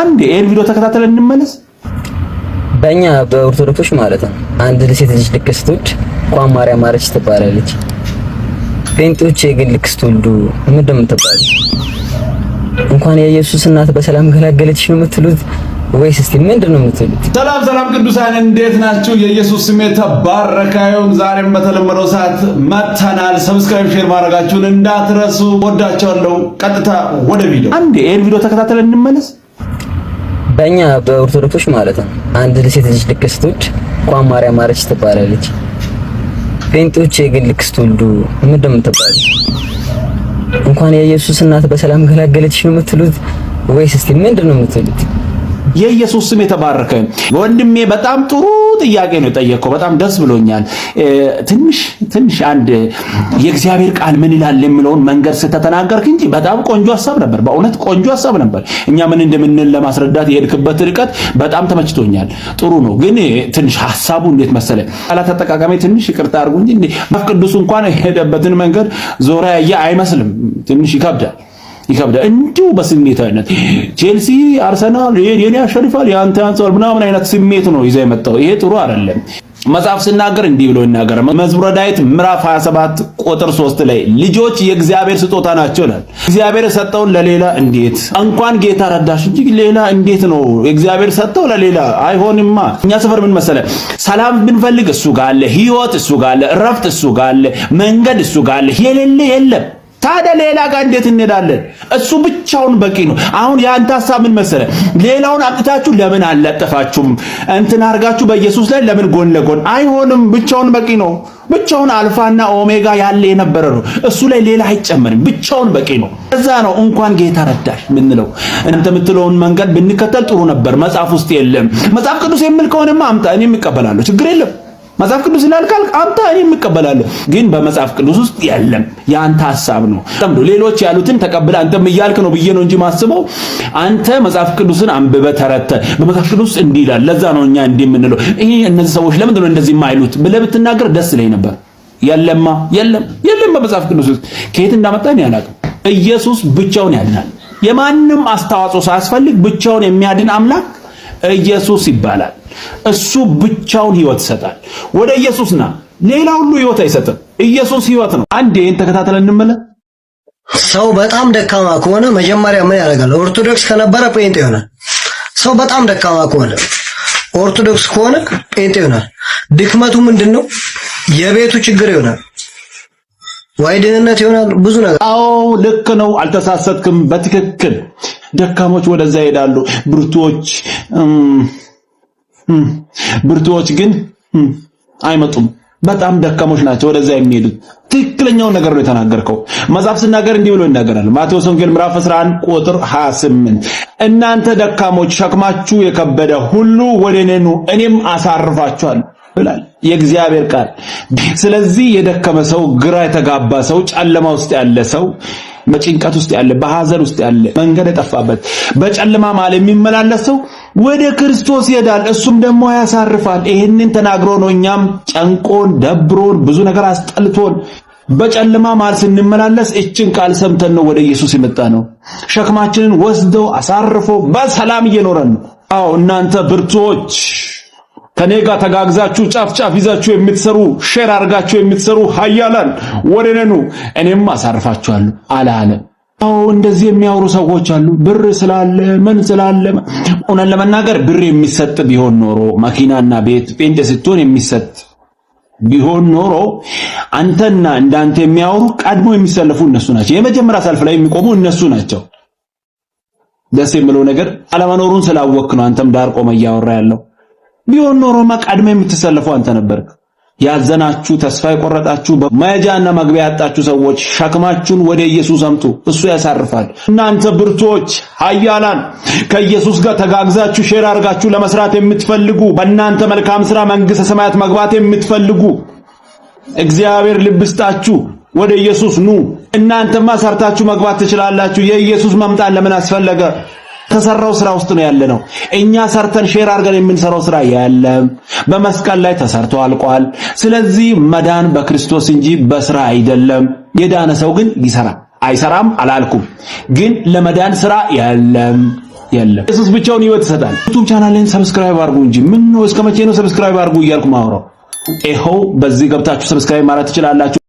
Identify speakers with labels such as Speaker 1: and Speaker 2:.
Speaker 1: አንድ ኤል ቪዲዮ ተከታተለን እንመለስ።
Speaker 2: በእኛ በኦርቶዶክሶች ማለት ነው አንድ ሴት ልጅ ልክ ስትወልድ እንኳን ማርያም ማረች ትባላለች። ጴንጤዎች የግል ልክ ስትወልዱ ምንድን እንኳን የኢየሱስ እናት በሰላም ገላገለች ነው የምትሉት ወይስ እስቲ ምንድን ነው የምትሉት?
Speaker 1: ሰላም ሰላም፣ ቅዱሳን እንዴት ናችሁ? የኢየሱስ ስም የተባረከ ይሁን። ዛሬም በተለመደው ሰዓት መተናል። ሰብስክራይብ፣ ሼር ማድረጋችሁን እንዳትረሱ። ወዳቸዋለሁ። ቀጥታ ወደ ቪዲዮ አንድ ኤል ቪዲዮ ተከታተለን እንመለስ።
Speaker 2: በእኛ በኦርቶዶክሶች ማለት ነው። አንድ ለሴት ልጅ ልክ እንኳን ማርያም ማረች ትባላለች። ጴንጤዎች ግን ልክ ሁሉ ምንድን ነው እንኳን የኢየሱስ እናት በሰላም ገላገለችሽ ነው የምትሉት ወይስ እስቲ ምንድን ነው የምትሉት?
Speaker 1: የኢየሱስ ስም የተባረከ። ወንድሜ በጣም ጥሩ ጥያቄ ነው የጠየቀው። በጣም ደስ ብሎኛል። ትንሽ ትንሽ አንድ የእግዚአብሔር ቃል ምን ይላል የሚለውን መንገድ ስተተናገርክ እንጂ በጣም ቆንጆ ሀሳብ ነበር። በእውነት ቆንጆ ሀሳብ ነበር። እኛ ምን እንደምንል ለማስረዳት የሄድክበት ርቀት በጣም ተመችቶኛል። ጥሩ ነው፣ ግን ትንሽ ሀሳቡ እንዴት መሰለ ቃላት አጠቃቀሜ ትንሽ ይቅርታ አድርጉ እንጂ መጽሐፍ ቅዱስ እንኳን የሄደበትን መንገድ ዞራ ያየ አይመስልም። ትንሽ ይከብዳል። ይከብዳል። እንዲሁ በስሜታዊነት ቼልሲ፣ አርሰናል የኔ ያሸንፋል የአንተ ያንሰዋል ምናምን አይነት ስሜት ነው ይዘ የመጣው። ይሄ ጥሩ አይደለም። መጽሐፍ ሲናገር እንዲህ ብሎ ይናገር። መዝሙረ ዳዊት ምዕራፍ 27 ቁጥር 3 ላይ ልጆች የእግዚአብሔር ስጦታ ናቸው ይላል። እግዚአብሔር ሰጠውን ለሌላ እንዴት እንኳን ጌታ ረዳሽ እንጂ ሌላ እንዴት ነው እግዚአብሔር ሰጠው ለሌላ አይሆንማ። እኛ ሰፈር ምን መሰለ፣ ሰላም ብንፈልግ እሱ ጋር አለ፣ ህይወት እሱ ጋር አለ፣ እረፍት እሱ ጋር አለ፣ መንገድ እሱ ጋር አለ። የሌለ የለም። ታዲያ ሌላ ጋር እንዴት እንሄዳለን? እሱ ብቻውን በቂ ነው። አሁን የአንተ ሀሳብ ምን መሰለ? ሌላውን አምጥታችሁ ለምን አልለጠፋችሁም? እንትን አድርጋችሁ በኢየሱስ ላይ ለምን ጎን ለጎን አይሆንም? ብቻውን በቂ ነው። ብቻውን አልፋና ኦሜጋ ያለ የነበረ ነው። እሱ ላይ ሌላ አይጨመርም። ብቻውን በቂ ነው። እዛ ነው እንኳን ጌታ ረዳሽ ምንለው። እናንተ የምትለውን መንገድ ብንከተል ጥሩ ነበር። መጽሐፍ ውስጥ የለም። መጽሐፍ ቅዱስ የሚል ከሆነማ አምጣ፣ እኔም እቀበላለሁ። ችግር የለም። መጽሐፍ ቅዱስ ይላል ቃል አምጣ፣ እኔ የምቀበላለሁ። ግን በመጽሐፍ ቅዱስ ውስጥ የለም። የአንተ ሐሳብ ነው። ሌሎች ያሉትን ተቀብለ አንተም እያልክ ነው ብዬ ነው እንጂ ማስበው አንተ መጽሐፍ ቅዱስን አንብበ ተረተ በመጽሐፍ ቅዱስ እንዲህ ይላል። ለዛ ነው እኛ እንዲህ የምንለው። ይሄ እነዚህ ሰዎች ለምንድን ነው እንደዚህ የማይሉት ብለህ ብትናገር ደስ ይለኝ ነበር። የለማ የለም፣ የለም በመጽሐፍ ቅዱስ ውስጥ ከየት እንዳመጣ እኔ አላውቅም። ኢየሱስ ብቻውን ያድናል። የማንም አስተዋጽኦ ሳያስፈልግ ብቻውን የሚያድን አምላክ ኢየሱስ ይባላል። እሱ ብቻውን ህይወት ይሰጣል። ወደ ኢየሱስ ና፣ ሌላ ሁሉ ህይወት አይሰጥም። ኢየሱስ ህይወት ነው። አንዴ ይህን ተከታተለን እንመለ
Speaker 2: ሰው በጣም ደካማ ከሆነ መጀመሪያ ምን ያደርጋል? ኦርቶዶክስ ከነበረ ጴንጤ ይሆናል። ሰው በጣም ደካማ ከሆነ ኦርቶዶክስ ከሆነ ጴንጤ ይሆናል። ድክመቱ ምንድን ነው? የቤቱ ችግር ይሆናል ወይ ድህነት ይሆናል። ብዙ ነገር።
Speaker 1: አዎ ልክ ነው፣ አልተሳሰትክም። በትክክል ደካሞች ወደዛ ይሄዳሉ፣ ብርቱዎች ብርቱዎች ግን አይመጡም። በጣም ደካሞች ናቸው ወደዛ የሚሄዱት። ትክክለኛውን ነገር ነው የተናገርከው። መጽሐፍ ስናገር እንዲህ ብሎ ይናገራል። ማቴዎስ ወንጌል ምዕራፍ 11 ቁጥር 28 እናንተ ደካሞች ሸክማችሁ የከበደ ሁሉ ወደ እኔ ኑ እኔም አሳርፋችኋለሁ ብላል የእግዚአብሔር ቃል። ስለዚህ የደከመ ሰው፣ ግራ የተጋባ ሰው፣ ጨለማ ውስጥ ያለ ሰው በጭንቀት ውስጥ ያለ፣ በሐዘን ውስጥ ያለ፣ መንገድ የጠፋበት በጨለማ መሃል የሚመላለስ ሰው ወደ ክርስቶስ ይሄዳል፣ እሱም ደግሞ ያሳርፋል። ይህንን ተናግሮ ነው እኛም ጨንቆን ደብሮን ብዙ ነገር አስጠልቶን በጨለማ መሃል ስንመላለስ እችን ቃል ሰምተን ነው ወደ ኢየሱስ የመጣ ነው። ሸክማችንን ወስደው አሳርፎ በሰላም እየኖረን ነው። አዎ እናንተ ብርቱዎች ከኔ ጋር ተጋግዛችሁ ጫፍ ጫፍ ይዛችሁ የምትሰሩ ሼር አድርጋችሁ የምትሰሩ ሀያላን ወደ እኔም አሳርፋችኋለሁ አለ አዎ እንደዚህ የሚያወሩ ሰዎች አሉ። ብር ስላለ ምን ስላለ እውነት ለመናገር ብር የሚሰጥ ቢሆን ኖሮ መኪናና ቤት ጴንጤ ስትሆን የሚሰጥ ቢሆን ኖሮ አንተና እንዳንተ የሚያወሩ ቀድሞ የሚሰለፉ እነሱ ናቸው። የመጀመሪያ ሰልፍ ላይ የሚቆሙ እነሱ ናቸው። ደስ የሚለው ነገር አለመኖሩን ስላወክ ነው አንተም ዳር ቆመ እያወራ ያለው ቢሆን ኖሮማ ቀድመ የምትሰልፈው አንተ ነበርክ። ያዘናችሁ፣ ተስፋ የቆረጣችሁ፣ መያዣና መግቢያ ያጣችሁ ሰዎች ሸክማችሁን ወደ ኢየሱስ አምጡ፣ እሱ ያሳርፋል። እናንተ ብርቶች ኃያላን ከኢየሱስ ጋር ተጋግዛችሁ ሼር አድርጋችሁ ለመስራት የምትፈልጉ በእናንተ መልካም ስራ መንግሥተ ሰማያት መግባት የምትፈልጉ እግዚአብሔር ልብ ይስጣችሁ። ወደ ኢየሱስ ኑ። እናንተማ ሰርታችሁ መግባት ትችላላችሁ። የኢየሱስ መምጣት ለምን አስፈለገ? ተሰራው ስራ ውስጥ ነው ያለ ነው። እኛ ሰርተን ሼር አድርገን የምንሰራው ስራ የለም። በመስቀል ላይ ተሰርቶ አልቋል። ስለዚህ መዳን በክርስቶስ እንጂ በስራ አይደለም። የዳነ ሰው ግን ይሰራ አይሰራም አላልኩም፣ ግን ለመዳን ስራ የለም የለም። ኢየሱስ ብቻውን ህይወት ይሰጣል። ዩቲዩብ ቻናሌን ሰብስክራይብ አድርጉ እንጂ ምን ነው እስከ መቼ ነው ሰብስክራይብ አድርጉ እያልኩ ማውራው? ይኸው በዚህ ገብታችሁ ሰብስክራይብ ማለት ትችላላችሁ።